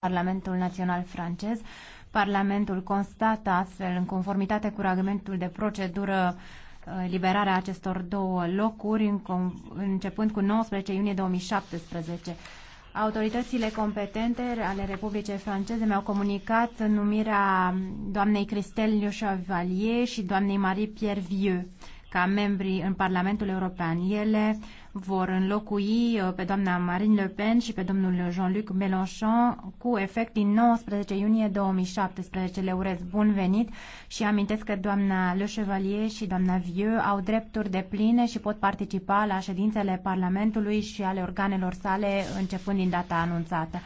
Parlamentul Național francez. Parlamentul constată astfel, în conformitate cu regulamentul de procedură, uh, liberarea acestor două locuri, începând cu 19 iunie 2017. Autoritățile competente ale Republicii Franceze mi-au comunicat numirea doamnei Christelle Le Chevalier și doamnei Marie-Pierre Vieux ca membri în Parlamentul European. Ele vor înlocui uh, pe doamna Marine Le Pen și pe domnul Jean-Luc Mélenchon cu efect din 19 iunie 2017. Le urez bun venit și amintesc că doamna Le Chevalier și doamna Vieux au drepturi de pline și pot participa la ședințele Parlamentului și ale organelor sale începând din data anunțată.